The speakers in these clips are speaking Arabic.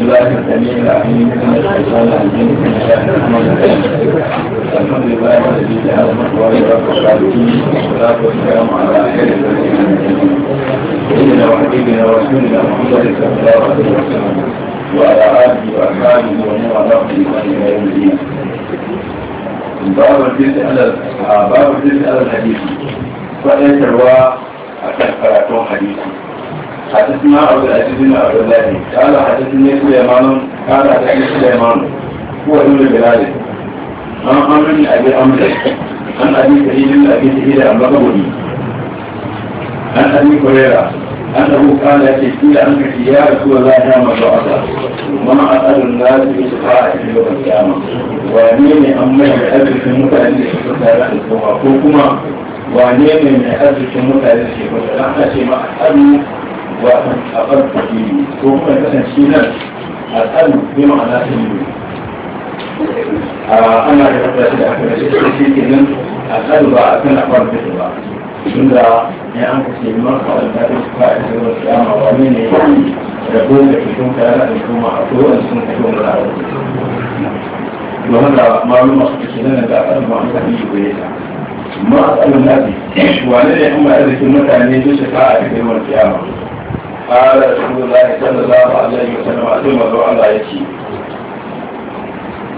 الله السميع العليم من الشيطان الرجيم من الرحمن الرحيم الحمد لله الذي جعل مقوال رب العالمين والصلاه والسلام على خير الخلق سيدنا وحبيبنا ورسولنا محمد صلى الله عليه وسلم وعلى اله واصحابه ومن والاه بالايمان الى يوم الدين باب الجزء على باب الجزء على الحديث اكثر حديث حدثنا عبد العزيز بن عبد الله قال حدثني سليمان قال حدثني سليمان هو ابن البلاد عن عمرو بن ابي عمرو عن ابي سعيد بن ابي سعيد عن بغوي عن ابي هريره انه قال يكفي عنك يا رسول الله يا من مرضى وما اسال الناس في شفاعه يوم القيامه ونيني اما يحبك المتعلق بشفاعه الصوم وكما ونيني من يحبك المتعلق بشفاعه الصوم وأقل تكيلي وهم مثلا شيئا أقل بمعنى إلمي أنا يقول لك أكبر شيء كنن أقل بأكل أقل بسبا إذا يعني في المرحلة التي تفاعل في القيامة ومن يقول لك شنك لا تكون معقول شنك تكون لا وهذا معلومة كنن بأقل معلومة إلمي ما أسأل النبي وعليه هم أذكر متى أن يجوز شفاعة في يوم القيامة قال رسول الله صلى الله عليه وسلم أتم الله الله يكي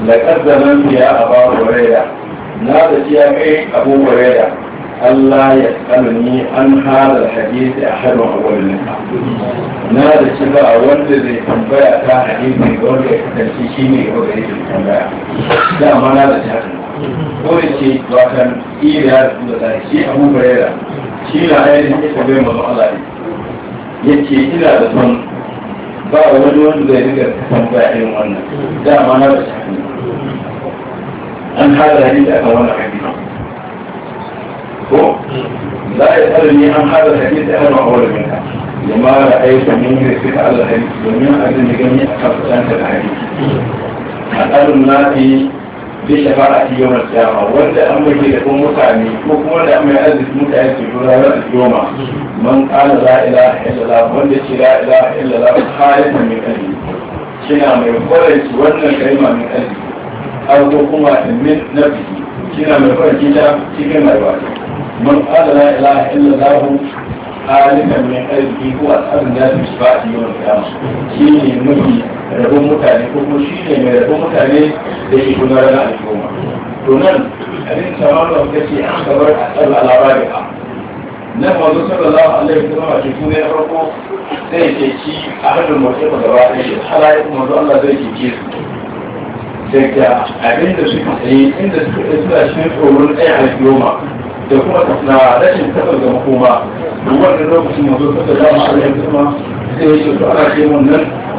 لقد ظننت يا أبا هريرة نادت يا أي أبو هريرة ألا يسألني عن هذا الحديث أحد أول النساء نادت شفاء ولد ذي تنبيع تا حديثي قول تنسيشيني قول ذي تنبيع لا ما نادت هذا قول شيء وكان إيه يا رسول الله شيء أبو هريرة شيء لا يجب أن يتبين الله عليه yace ina da son ba wani wanda zai riga tambaya irin wannan dama na da shi an hada hadisi aka wannan hadisi ko za a yi tsarni an hada hadisi aka ma'awar minka lama ra'ayi ta mun yi suka Allah hadisi domin abin da gani a kafa da hadisi a tsarin nafi bi shafa'ati yawm al-qiyama wanda an mai da kun mutane ko kuma wanda an mai arziki mutane su jura ran yawma man qala la ilaha illallah wanda ce la ilaha illallah khalisan min qalbi kina mai kwarai wannan kalma min qalbi har ko kuma min nafsi kina mai kwarai ta cikin rayuwa من قال لا إله إلا الله عالما من قلبه هو أصحاب الناس بشفاعة يوم القيامة شيء مهي ربو متعني كوكو شيء من ربو متعني ليش كنا لنا عليكم دونان أبين سمعنا وكتي عن خبر أسأل على رابعة نحو الله صلى الله عليه وسلم أشكونا يخرقو سيكي شيء أحد الموسيقى دوائي الحلائق موضوع الله زيكي كيسو daga abin da suka tsaye inda suka tsaye suna cikin tsoron da kuma na rashin kasar ga makoma duk wannan lokacin yanzu suka dama a kuma sai ya ce su ana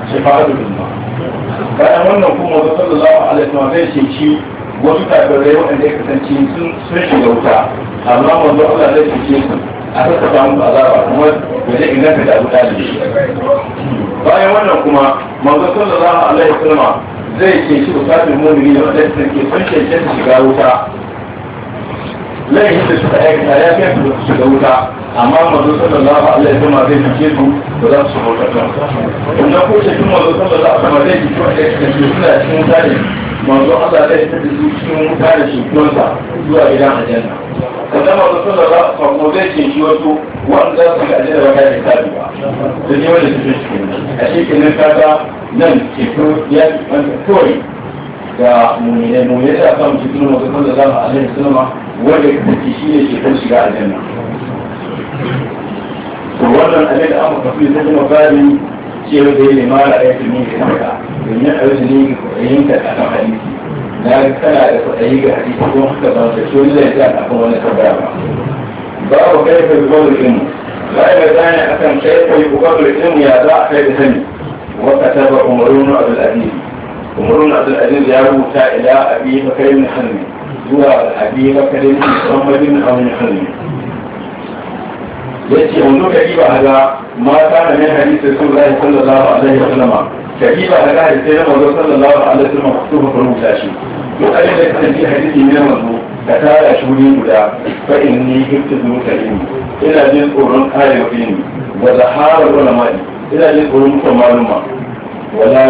ce bayan wannan kuma wa zai wasu waɗanda ya kasance sun wuta amma wanzu Allah zai su a sassa samun azaba kuma zai inganta da abu ɗalibi bayan wannan kuma manzo sallallahu alaihi usafin mumini da ke shiga wuta laifin da suka ta ya kai su da wuta amma mazo sallallahu alaihi wasallam zai fice su ba za su bauta ta inda ko shi kuma mazo sallallahu alaihi wasallam zai fice kuma da su suna cikin wuta ne mazo Allah zai fice su cikin wuta da shi kunsa zuwa gidan aljanna sannan mazo sallallahu alaihi wasallam zai ce shi wasu wanda su ga aljanna ba kai da tabi ba da ne wanda su fice a shi kenan kaga nan ce ko ya kawai ga mummune mummune da aka mutu kuma mutu kuma da zama alaihi sallama wanda ya kasance shi ne ke kan shiga aljanna to wannan abin da aka kafi zai zama bari cewa da ya nema da aikin ne ga kanka domin a yau ne yin ka akan hadisi na kana da kwaɗayi ga hadisi kuma haka ba ta shi wani zai zai akan wani tabbara ba babu kai ka zuwa da ilmu ba ya bayani akan kai ka yi kuka da ilmu ya za a kai da sani wata tabbar umarunu abdul aziz ومرون عبد العزيز يا موسى الى ابي بكر بن حنبي زور ابي بكر بن محمد او بن حنبي يأتي أنه كيف هذا ما كان من حديث رسول الله صلى الله عليه وسلم كيف هذا حديث رسول صلى الله عليه وسلم مكتوب في المساشي يقال لك أن في حديث من المضبوط كتار أشهري مدى فإني كنت ابن كريم إلا جن قرن آية وفيني وزحار ولا مالي إلا جن قرن كمعلومة ولا